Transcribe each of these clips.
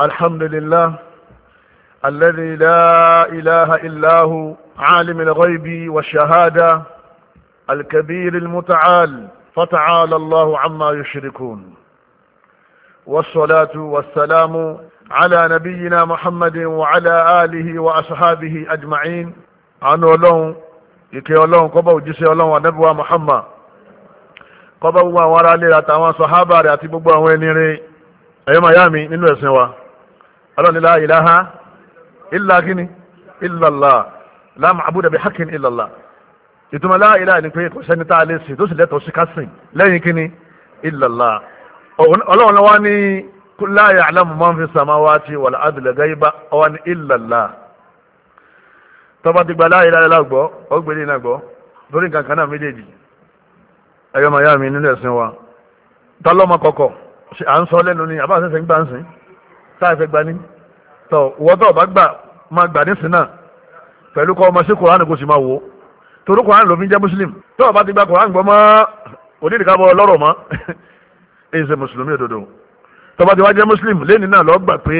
الحمد لله الذي لا إله إلا هو عالم الغيب والشهادة الكبير المتعال فتعالى الله عما يشركون والصلاة والسلام على نبينا محمد وعلى آله وأصحابه أجمعين عن ولون ike ọlọ́run kọ́bọ̀ òjíṣẹ́ ọlọ́run anábíwá Muhammad kọ́bọ̀ gbogbo àwọn ará ilé àtàwọn sọ̀hábà rẹ̀ àti gbogbo àwọn ẹni rẹ̀ ọlọ́ni la ilaha illa gini illallah la ma'buda bi haqqin illallah ìtumọ̀ la ilaha ni pé kò sẹ́ni tá a lè sìn tó sì lẹ́tọ̀ọ́ sí kásìn lẹ́yìn gini illallah ọlọ́run wa ní la ya'lamu man fi samawati wal ardi al-ghayba ọwọ́ ní illallah tọ́ba ti gba la ilaha illallah gbọ́ ọgbẹ́lẹ́ e náà gbọ́ torí nǹkan kan náà méjèèjì ẹ̀yọ́ màyá mi nílẹ̀ sin wa ta kọ̀kọ̀ à ń sọ lẹ́nu ni àbá táà fẹ́ gbani tọ wọ́n tọ̀ bá gbà máa gbà nísìn náà pẹ̀lú kọ́ ọmọ sí koran kò sì máa wò torí koran ló fi jẹ́ muslim tọ́ ọ bá ti gba koran gbọ́ mọ́ onídìkábọ̀ lọ́rọ̀ mọ́ èyí ṣe mùsùlùmí òdodo tọ́ bá ti wá jẹ́ muslim lẹ́ni náà lọ́ọ́ gbà pé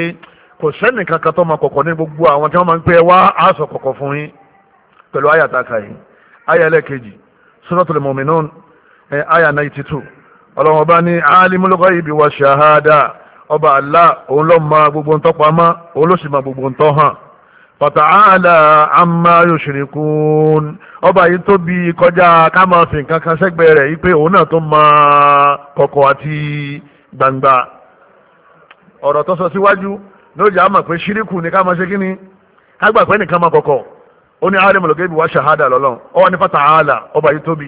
kò sẹ́nì kankan tó máa kọ̀kọ̀ ní gbogbo àwọn tí wọ́n máa ń pẹ́ wá aṣọ kọ̀kọ̀ fún yín pẹ̀lú àyà àtàkà yìí àyà ẹlẹ́ẹ̀kejì suratul mu'minun àyà 92 ọlọ́wọ́n bá ní alimul ghaibi wa shahada ọba Allah òun ló mọ gbogbo ń tọ́pa mọ́ òun ló sì mọ gbogbo ń tọ́ hàn fata'ala amma yushrikun ọba yìí tó bi kọjá ká máa fi nǹkan kan sẹ́gbẹ̀ẹ́ rẹ̀ yìí pé òun náà tó mọ kọ̀kọ̀ àti gbangba ọ̀rọ̀ tó sọ síwájú lójà á mọ̀ pé ṣíríkù ni ká máa ṣe kíni ká gbà pé nìkan máa kọ̀kọ̀ ó ní alimul ghaibi wa shahada lọ́lọ́run ó wà ní fata'ala ọba yìí tó bi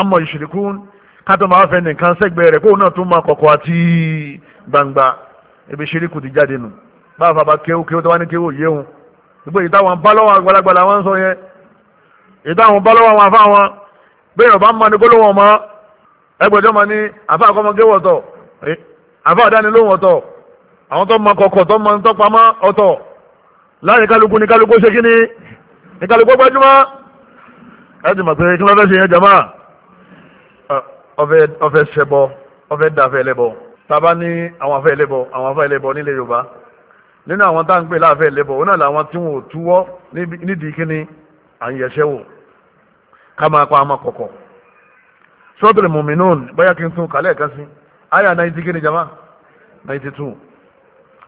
amma yushrikun kátó máa fẹ́ nìkan sẹ́gbẹ̀ẹ́ rẹ̀ kóun náà tún máa kọ̀kọ̀ àti gbangba ebi ṣíríkù ti jáde nù báwa fàbá kéwú kéwú tó wá ní kéwú yéhun gbogbo èyí táwọn bá lọ́wọ́ àgbàlagbàlà wọn sọ yẹn èyí táwọn bá lọ́wọ́ àwọn afá wọn bẹ́ẹ̀ ọba máa ní gbólóhùn ọmọ ẹgbẹ̀jọ́ máa ní afá àkọ́mọ kéwú ọ̀tọ̀ afá àdánilóhùn ọ̀tọ̀ àwọn tó máa kọ̀kọ̀ tó máa ń pamọ́ ọ̀tọ̀ láàrin kálukú ní kálukú ṣe kíní ní gbajúmọ́ ẹ ti mọ̀ pé kí ló fẹ́ ṣe yẹn jàmáà ọfẹ́ ṣẹbọ ọfẹ́ dàfẹ́ ẹlẹ́bọ tàbá àwọn afẹ́ àwọn afẹ́ ẹlẹ́bọ Yorùbá nínú àwọn tá à ń pè láàfẹ́ ẹlẹ́bọ náà làwọn tí wọn ò túwọ́ nídìí kíní à ń yẹsẹ́ wò ká máa pa àmọ́ kọ̀kọ̀ sọ́tò mùmínún bóyá kí n tún kálẹ̀ kan sí àyà náìtì kíní jama náìtì tù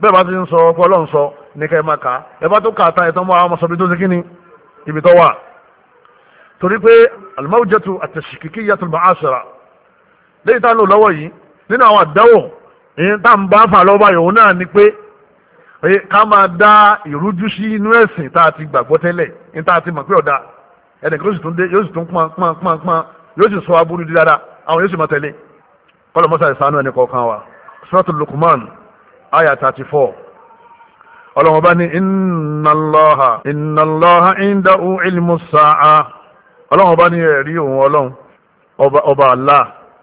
bẹ́ẹ̀ bá ti ń sọ ọkọ ọlọ́run sọ ní ká ẹ máa kà á ẹ bá tó kà á tán ẹ tán mọ́ àwọn ọmọ sọ́bi tó ṣe kíní ibi tó wà torí pé al-mawjatu at-tashkikiyyatu al-ma'ashira léyìí tá a lò lọ́wọ́ yìí nínú àwọn àdánwò ìyẹn tá à ń bá fà lọ́wọ́ báyìí òun náà ni pé ká máa dá ìrújú sí inú ẹ̀sìn tá a ti gbàgbọ́ tẹ́lẹ̀ ní tá a ti mọ̀ pé ọ̀dà ẹnìkan yóò sì tún dé yóò sì tún pọ́n pọ́n pọ́n pọ́n yóò sì sọ aburú di dáadáa àwọn yóò sì máa tẹ̀lé kọ́lọ̀ mọ́sá ìsánú ẹni kọ̀ọ̀kan wa suratul Luqman aya thirty four ọlọ́wọ́n bá ní innallaha innallaha indahu ilmus sa'a ọlọ́wọ́n bá ní ẹ̀rí òun ọlọ́run ọba Allah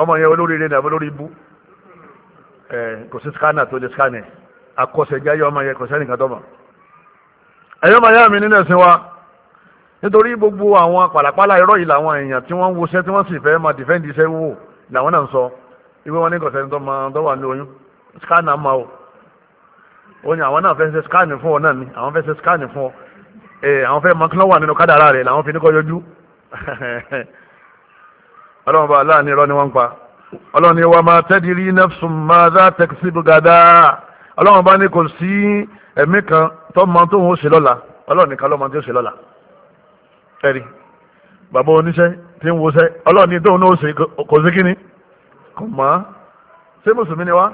ọmọ yẹn olóríire ní àbọ̀ lórí ibú ẹ kò sí scanner tó lè scanner akọ́sẹ̀jáyé ọmọ yẹn kò sẹ́ni kan tọ́mọ̀ ẹ̀yọ́ màá yá mi nínú ẹ̀sìn wa nítorí gbogbo àwọn pàlàpàlà irọ́ yìí làwọn èèyàn tí wọ́n ń wọṣẹ́ tí wọ́n sì fẹ́ máa defend iṣẹ́ wò làwọn náà ń sọ ìwé wọn ní kò sẹ́ni tó máa tó wà ní oyún scanner máa o ó ní àwọn náà fẹ́ ṣe scanner fún ọ náà ni àwọn fẹ́ ṣe scanner fún ọ àwọn fẹ́ máa kí wọ́n wà nínú kádàrá rẹ̀ làwọn fi ní kọ́ yọjú ọlọ́run bá aláàánú irọ́ ni wọ́n ń pa ọlọ́run ni wọ́n máa tẹ́dí rí nafsun máa dá tẹ̀sí gàdá ọlọ́run bá ní kò sí ẹ̀mí kan tó mọ tó ń ṣe lọ́la ọlọ́run nìkan lọ́mọ tó ń ṣe lọ́la ẹ̀rí bàbá oníṣẹ́ tí ń wọṣẹ́ ọlọ́run ní tóun náà ṣe kò sí kíni kò mọ́ ṣé mùsùlùmí ni wá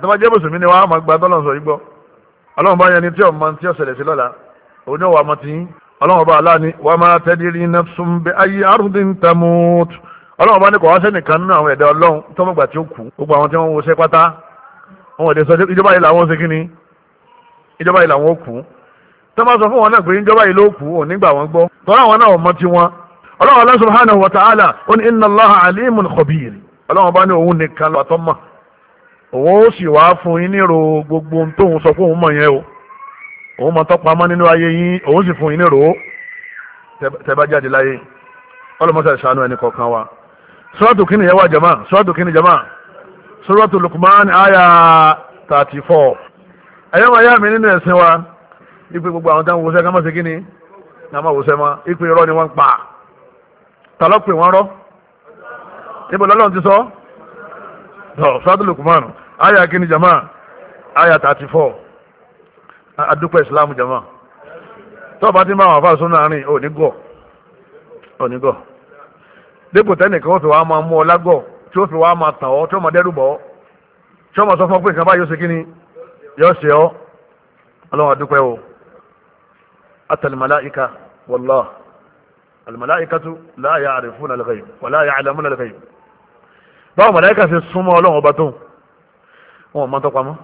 tó bá jẹ́ mùsùlùmí ni wá á máa gba tọ́lọ́run sọ yìí gbọ́ ọlọ́run bá yẹni tí ọmọ tí ó ni ó wà á mọ tí ọlọ́run bá aláàánú wà máa tẹ́dí rí nafsun bí ayé arúndín tamut ọlọ́run bá ní kò wá sẹ́nìkan nínú àwọn ẹ̀dá ọlọ́run tó mọ̀gbà tí ó kú gbogbo àwọn tí wọ́n ń wọṣẹ́ pátá wọn ò lè sọ ìjọba yìí làwọn ṣe kíni ìjọba yìí làwọn ó kú tó bá sọ fún wọn náà pé ìjọba yìí ló kú ò nígbà wọn gbọ́ tọ́lá wọn náà mọ tiwọn ọlọ́run subhanahu wa ta'ala ó ní inna Allaha alimun khabir ọlọ́run bá ní òun nìkan lọ́tọ́ mọ̀ òun ó sì wá fún yín nírò gbogbo tóun sọ fún òun mọ̀ yẹn o òun mọ̀ tọ́pamọ́ nínú ayé yín òun sì fún yín nírò tẹ́bá jáde láyé ọlọ́mọṣẹ́ ṣàánú ẹnì kọ̀ọ̀kan wa suratu kini yẹ wa jama suratu kini jama suratu lukman aya thirty four ẹ̀yọ́ máa yá mi nínú ẹ̀sìn wa ipe gbogbo àwọn táwọn wòsàn kámọ́ sí kíni kámọ́ wòsàn mọ́ ipe irọ́ ni wọ́n ń pa ta ló pè wọ́n rọ́ ibo lọ́lọ́run ti sọ tọ́ suratu lukman aya kini jama aya thirty four adúpẹ́ islam jama tọ́ọ̀bá ti máa wà fáṣọ náà rìn ò ní gọ̀ ò ní gọ̀. dépò tẹ́nìkan ó fi wá máa mú ọ lágọ̀ tí ó fi wá máa tàn ọ́ tí ó máa dẹ́rù bọ̀ ọ́ tí ó máa sọ fún ọ pé nǹkan báyìí ó ṣe kí ni ṣe ọ́ ọlọ́run àdúpẹ́ o atalimalaika wàllá alimalaikatu láàyè àrífún alẹ́kẹ̀yìn wàlá àyè àlámún alẹ́kẹ̀yìn báwo màláìka ṣe súnmọ́ ọlọ́run ọba tó wọn ò mọ tọpamọ́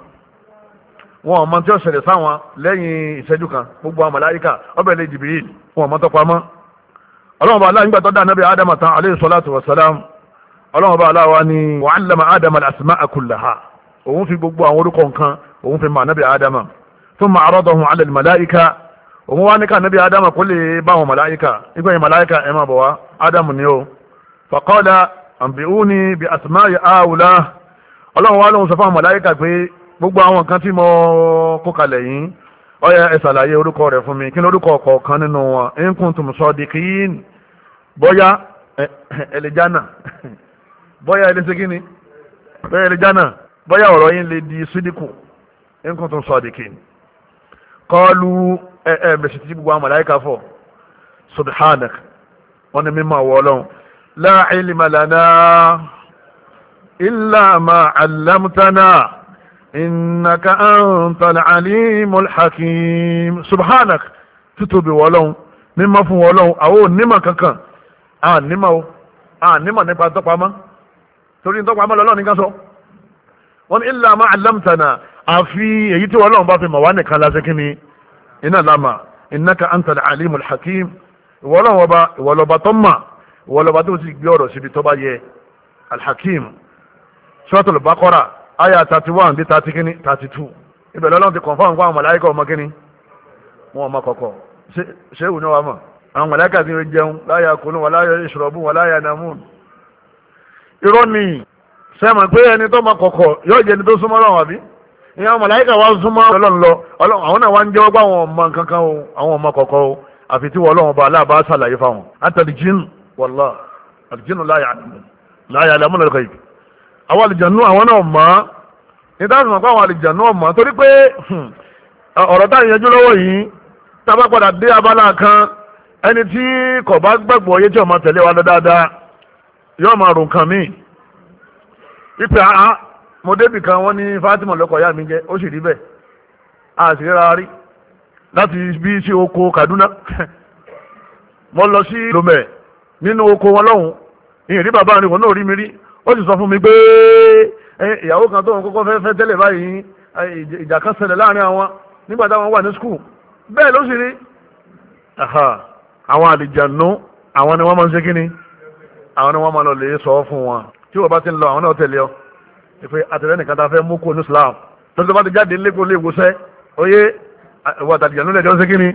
wọn ò tí ó ṣẹlẹ̀ sáwọn lẹ́yìn wọn ọlọ́run bá aláà nígbà tó dá anábì ádámà tán alayhi salatu wa salam ọlọ́run bá aláà wa ni wa allama ádámà al-asma'a kullaha òun fi gbogbo àwọn orúkọ nǹkan òun fi mọ anábì ádámà thumma aradahum ala al-mala'ika òun wá ní ká anábì ádámà lè bá àwọn màláìka nígbà yẹn màláìka ẹ̀ máa bọ̀ wá ádámù ni ó faqala anbi'uni bi asma'i ha'ula ọlọ́run wá lóhun sọ fún àwọn màláìka pé gbogbo àwọn nǹkan tí mo kó yìí ọyá ẹ ṣàlàyé orúkọ rẹ̀ fún mi kí ni orúkọ kọ̀ọ̀kan nínú wọn in kuntum sadiqin bóyá ẹlẹjánà bóyá ẹlẹsẹkíni bóyá ẹlẹjánà bóyá ọ̀rọ̀ yín lè di sídìkù in kuntum sadiqin qalu ẹ ẹ bẹsẹ tí gbogbo àwọn màláìka fọ subhanak wọn ni mímọ àwọ Ọlọ́run la ilma lana illa ma allamtana innaka antal alimul hakim subhanak títóbi wọlọ́hún mímọ́ fún wọlọ́hún àwọn onímọ̀ kankan ànímọ̀ o ànímọ̀ nípa tọ́pamọ́ torí tọ́pamọ́ lọ́lọ́ nìkan sọ wọ́n ní illa ma allamtana àfi èyí tí wọlọ́hún bá fi mọ̀ wá nìkan lásìkò kínní iná lámà innaka antal alimul hakim ìwọlọ́hún ọba ìwọlọ́ba tọ́mà ìwọlọ́ba tó ti gbé ọ̀rọ̀ síbi tọ́ba yẹ alhakim suratul baqara aya thirty one dé thirty kínní thirty two ibẹ̀ lọ́lọ́run ti confam fún àwọn màláíkà ọmọ kínní wọn ọmọ kọ̀kọ̀ ṣéwù náà wà mọ̀ àwọn màláíkà ti jẹun láyà kunu wà láyà ìṣòrọ̀bù wà láyà namun irọ́ ni sẹ́mọ̀ pé ẹni tó mọ kọ̀kọ̀ yóò jẹ́ ẹni tó súnmọ́ lọ́wọ́ àbí ìyá àwọn màláíkà wa súnmọ́ ọlọ́run lọ àwọn náà wá ń jẹ́wọ́ pé àwọn ọmọ kankan o àwọn ọmọ kọ̀kọ̀ o àfi tí wọ́n ọlọ́run ọba aláàbá sàlàyé fáwọn àtàlìjìn wàlá àtàlìjìn láyà láyà àwọn àlìjànú àwọn náà mọ́ nítorí àwọn àpá àwọn àlìjànú ọ̀mọ́ torí pé hmm, ọ̀rọ̀ tá à ń yanjú lọ́wọ́ yìí tá a bá padà dé abala kan ẹni tí kò bá gbàgbọ́ yé tí ọmọ tẹ̀lé wa dáadáa yóò máa rò nǹkan míì ipe àá mo débì kan wọ́n ní Fatima lọ́kọ̀ ìyá mi jẹ́ ó sì rí bẹ́ẹ̀ a sì rárá rí láti bí sí oko Kaduna mo lọ sí lomẹ nínú oko wọn lọ́hùn ìyẹn bàbá mi wọn náà rí mi rí ó sì sọ fún mi pé ìyàwó kan tóun kọ́kọ́ fẹ́ fẹ́ tẹ́lẹ̀ báyìí ìjà kan ṣẹlẹ̀ láàrin àwọn nígbà táwọn wà ní skul bẹ́ẹ̀ ló sì rí àwọn àlìjànú àwọn ni wọ́n máa ń ṣe kíni àwọn ni wọ́n máa lọ lè sọ fún wọn tí wọ́n bá ti ń lọ àwọn náà tẹ̀lé ọ ìpè àtẹ̀lẹ́ nìkan tá a fẹ́ mú kó ní Islam tó ti bá ti jáde lẹ́kọ̀ọ́ lè wọṣẹ́ oyé ìwà àtàlìjànú lẹ́jọ́ ṣe kíni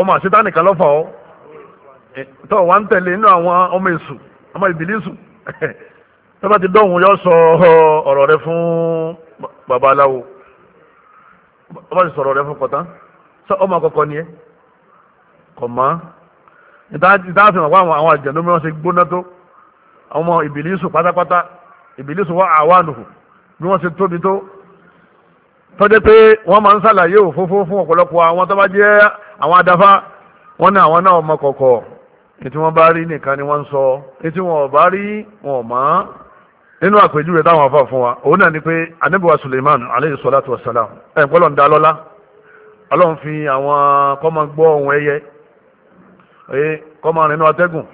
ọmọ àṣetánìkan lọ́fà ọ tó ń tẹ̀lé nínú àwọn ọmọ èṣù ọmọ ìbílísù tọ́ba ti dọ́hùn yọ sọ ọ̀rọ̀ rẹ fún babaláwo ọba ti sọ̀rọ̀ rẹ fún kọ̀tán sọ ọmọ àkọ́kọ́ ni ẹ kọ̀ mọ́ ìta fi hàn wá àwọn àjẹ̀dó mìíràn ṣe gbóná tó àwọn ọmọ ìbìlísù pátápátá ìbìlísù wá àwánùhù bí wọ́n ṣe tóbi tó tọ́jẹ́ pé wọ́n máa ń ṣàlàyé òfófó fún ọ̀pọ̀lọpọ̀ àwọn tó jẹ́ àwọn adáfá wọ́n ní àwọn náà ọmọ kọ̀ọ̀kọ̀ọ̀ ètí wọ́n bá rí nìkan ni wọ́n ń sọ ètí wọ́n bá rí wọn mọ́ nínú àpèjú rẹ̀ táwọn afọ fún wa òun náà ni pé anábìwá Suleiman aleyhi salatu wasalam ẹ̀ pọ́lọ̀ ń da lọ́lá ọlọ́run fi àwọn kọ́mọ gbọ́ ohun ẹyẹ ẹ kọ́mọ nínú atẹ́gùn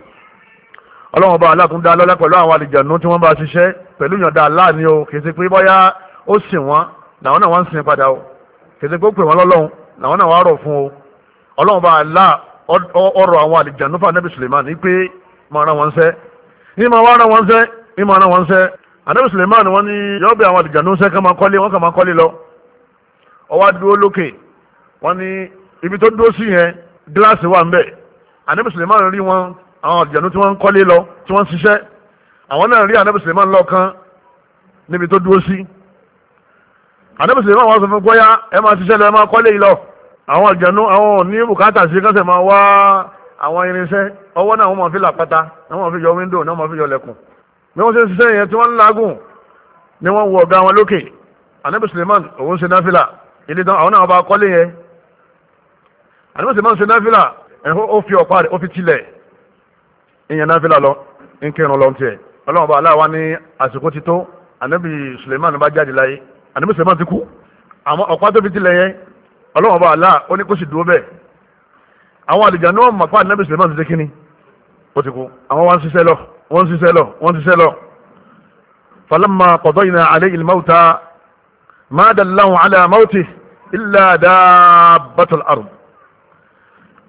ọlọ́run ọba aláàkún da lọ́lá pẹ̀lú àwọn àlìjànú tí wọ́n bá ṣiṣẹ́ pẹ̀lú ìyọ̀ǹda aláàní o kì í ṣe pé bọ́yá ó sìn wọ́n làwọn náà wọ́n ń sìn padà o kì í ṣe pé ó pè wọ́n lọ́lọ́run làwọn náà wọ́n á rọ̀ fún o ọlọ́run ọba aláà ọ̀rọ̀ àwọn àlìjànú fún anabi suleiman pé máa rán wọn sẹ́ ní máa wá rán wọn sẹ́ ní máa rán wọn sẹ́ anabi suleiman wọn ní yọ̀ọ́ bí àwọn àlìjànú sẹ́ kàn máa kọ́lé wọn kàn máa kọ́lé lọ ó wá dúró lókè wọn ní ibi tó dúró sí yẹn gíláàsì wà ń bẹ̀ anabi suleiman rí wọn àwọn àlìjànú tí wọ́n ń kọ́lé lọ tí wọ́n ń ṣiṣẹ́ àwọn náà rí anabi suleiman lọ́ọ̀kan níbi tó dúró sí anabi suleiman wọn sọ fún gbọ́yà ẹ máa ṣiṣẹ́ lọ ẹ máa kọ́lé yìí lọ àwọn àjànú àwọn òní bùkátà sí kásẹ̀ máa wá àwọn irinṣẹ́ ọwọ́ náà wọ́n máa fi làpáta náà wọ́n fi yọ wíńdò náà wọ́n fi yọ lẹ́kùn bí wọ́n ṣe ń ṣiṣẹ́ yẹn tí wọ́n ń lagùn ni wọ́n wọ ọ̀gá wọn lókè anabi suleiman òun ṣe náfìlà ilé tán àwọn náà bá kọ́lé yẹn anabi suleiman ṣe náfìlà ó fi ọ̀pá rẹ̀ ó fi tilẹ̀ ìyẹn náfìlà lọ ń kírun lọ tiẹ̀ ọlọ́run bá aláwa ní ọlọ́wọ́n bá aláà ó ní kó sì dúró bẹ́ẹ̀ àwọn àlìjánu náà mọ̀ pé ànábì Suleiman ti dé kínní ó ti kú àwọn wa ń ṣiṣẹ́ lọ wọ́n ń ṣiṣẹ́ lọ wọ́n ń ṣiṣẹ́ lọ. falamma qadayna alayhi al-mawta ma dallahu ala mawtihi illa dabbatul ard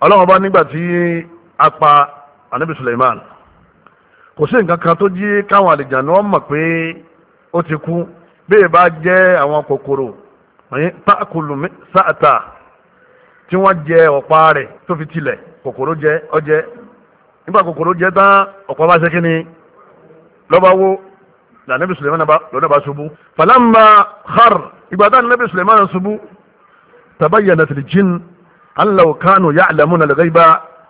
ọlọ́wọ́n bá nígbà tí a pa ànábì Suleiman kò sí nǹkan kan tó jí káwọn àlìjánu náà mọ̀ pé ó ti kú bẹ́ẹ̀ bá jẹ́ àwọn kòkòrò takulu sáàtà tí wọ́n jẹ ọ̀pá rẹ̀ tó fi tilẹ̀ kòkòrò jẹ ọjẹ́ nígbà kòkòrò jẹ tán ọ̀pá bá ṣe kíni lọ́ba wo lànàbí sulemana bá lọ́nà bá ṣubú falamba har ìgbà tá lànàbí sulemana ṣubú tabayyana til jin allahu kanu ya'lamuna al-ghayba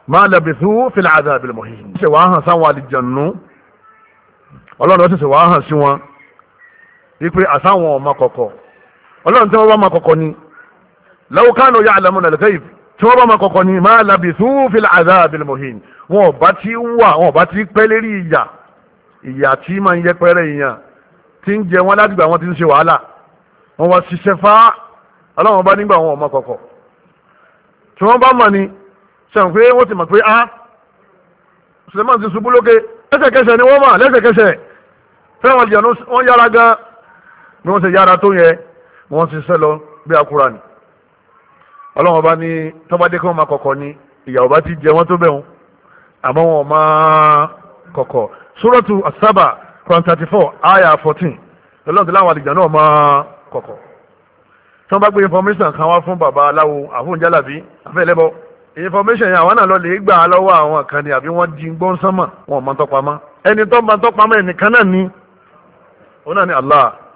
ma labithu fil adhab al-muhin. ṣe wàá hàn sáwọn àlìjànú ọlọ́run ó ṣe wàá sí wọn wípé àsáwọn ọmọ kọ̀ọ̀kọ̀ọ̀ ọlọ́run tí wọ́n bá máa kọ̀kọ̀ ni law kanu ya'lamuna al-ghayb tí wọ́n bá máa kọ̀kọ̀ ni ma labithu fil adhabil muhin wọn ò bá ti wà wọn ò bá ti pẹ́ lérí ìyà ìyà tí máa ń yẹpẹrẹ èèyàn tí ń jẹ wọn ládùúgbò àwọn tí ń ṣe wàhálà wọn wá ṣiṣẹ́ fá ọlọ́run bá nígbà wọn ò máa kọ̀kọ̀ tí wọ́n bá mọ̀ ni sàn pé wọ́n ti mọ̀ pé ah Suleiman ti ṣubú lókè lẹ́sẹ̀kẹsẹ̀ ni wọ́n mọ̀ lẹ́sẹ̀kẹsẹ̀ fẹ́ràn ọ̀dìyàn wọ́n yára gan ni wọ́n ṣe yára tó yẹ wọ́n ti sẹ́ lọ bí akura ni ọlọ́wọ́n bá ní tọ́badé kí wọ́n máa kọ̀kọ̀ ni ìyàwó bá ti jẹ wọ́n tó bẹ̀ wọ́n àmọ́ wọn máa kọ̀kọ̀ sórọ́tù àsábà Quran thirty four ayah fourteen lọ́lọ́dún láwọn àdìgbà náà máa kọ̀kọ̀ tí wọ́n bá gbé information kan wá fún bàbá aláwo àfóúnjálàbí àfẹ́lẹ́bọ information yẹn àwọn náà lọ lè gbà á lọ́wọ́ àwọn kan ni àbí wọ́n di gbọ́nsánmọ̀ wọn ò mọ tọpamọ́ ẹni tó mọ tọpamọ́ ẹnìkan náà ni òun náà ni Allah